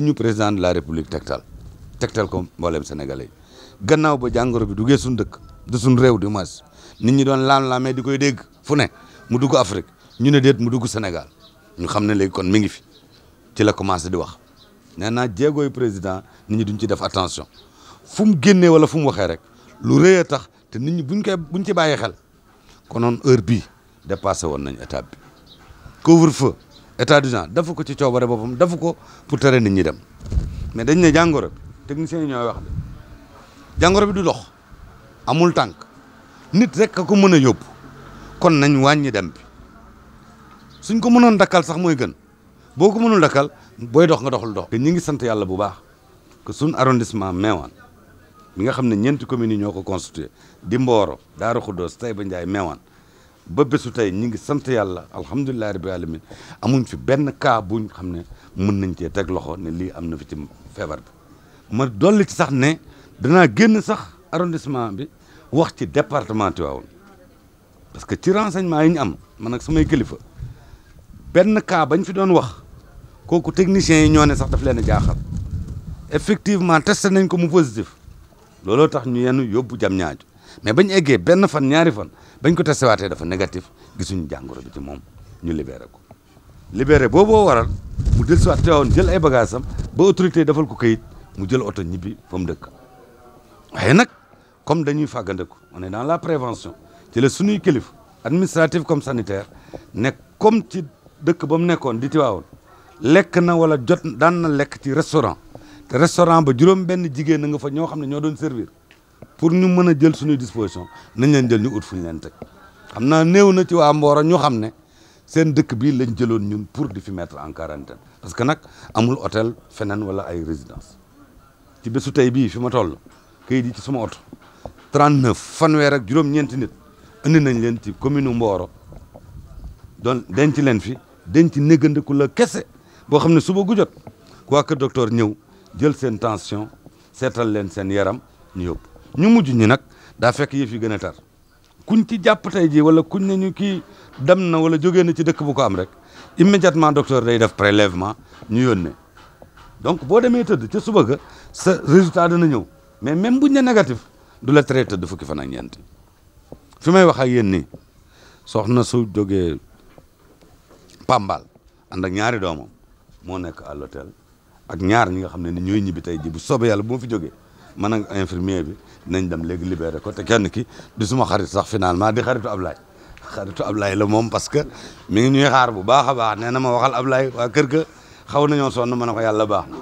li ñu président de la république tegtal tegtal ko mboolem sénégalais yi gannaaw ba jàngoro bi duggee suñu dëkk du suñu réew du moins nit ñi doon laam-laamee di koy dégg fu ne mu dugg Afrique ñu ne déet mu dugg Sénégal ñu xam ne léegi kon mi ngi fi ci la commencé di wax nee naa jéegooy président nit ñi duñ ci def attention fu mu génnee wala fu mu waxee rek lu rëy a tax te nit ñi buñ koy buñ ci bàyyee xel konoon heure bii dépassé woon nañ étape bi couvre état du d'urgence dafa ko ci coobare boppam dafa ko pour tere nit ñi dem mais dañ ne jàngoro bi techniciens yi ñooy wax de jàngoro bi du dox amul tànk nit rek a ko mën a yóbbu kon nañ wàññi dem bi suñ ko mënoon dakkal sax mooy gën boo ko mënul dakkal booy dox nga doxul dox. te ñi ngi sant yàlla bu baax que suñ arrondissement Mewane mi nga xam ne ñeenti communes yi ñoo ko constitué di Mboro Darou Khoudoss Taïba Ndiaye Mewane ba bésu tey ñi ngi sant yàlla alhamdulilah rabbi alamin amuñ fi benn cas buñ xam ne mun nañ cee teg loxo ne lii am na fi ci feebar bi ma dolli ci sax ne danaa génn sax arrondissement bi wax ci département Tivaouane parce que ci renseignement yi ñu am man ak samay kilifa benn cas bañ fi doon wax kooku techniciens yi ñoo ne sax daf leen a jaaxal effectivement testé nañ ko mu positif looloo tax ñu yenn yóbbu jam ñaaju mais bañ eggee benn fan ñaari fan bañ ko testé waatee dafa négatif gisuñu jàngoro bi ci moom ñu libéré ko libéré booboo waral mu del siwaat teewoon jël ay bagages am ba autorité defal ko këyit mu jël oto ñibbi fa dëkk waaye nag comme dañuy fàggandeku on est dans la prévention ci la suñuy kilif administratif comme sanitaire nekk comme ci dëkk ba mu nekkoon di Tiwaawoon lekk na wala jot daan na lekk ci restaurant te restaurant ba juróom benn jigéen na nga fa ñoo xam ne ñoo doon servir pour ñu mën a jël suñuy disposition nañ leen jël ñu ut fu ñu leen teg am naa néew na ci waa Mboro ñu xam ne seen dëkk bii lañ jëloon ñun pour di fi mettre en quarantaine parce que nag amul hôtel feneen wala ay résidence ci bésu tey bii fi ma toll kayit yi ci suma oto 39 fanweer ak juróom-ñeenti nit indi nañ leen ci commune Mboro doon denc leen fi denc néggandiku la kese boo xam ne suba gu jot waa doctor ñëw jël seen tension seetal leen seen yaram ñu yóbbu. ñu mujj ñi nag daa fekk yëf yi gën a tar kuñ ci jàpp tey jii wala ku ne ñu kii dem na wala jógee na ci dëkk bu ko am rek immédiatement docteur day def prélèvement ñu yónnee donc boo demee tëdd ca suba ga sa résultat dana ñëw mais même buñ ne négatif du la traité tëdd fukki fan ak ñeent fi may wax ak yéen nii soxna su jógee Pambal ànd ak ñaari doomam moo nekk à ak ñaar ñi nga xam ne ni ñooy ñibbi tey ji bu soobee yàlla bu ma fi jógee man ak infirmier bi nañ dem léegi libéré ko te kenn ki di suma xarit sax finalement di xaritu Ablaye xaritu Ablaye la moom parce que mi ngi ñuy xaar bu baax a baax nee na ma waxal Ablaye waa kër ga na nañoo sonn ma ne ko yàlla baax na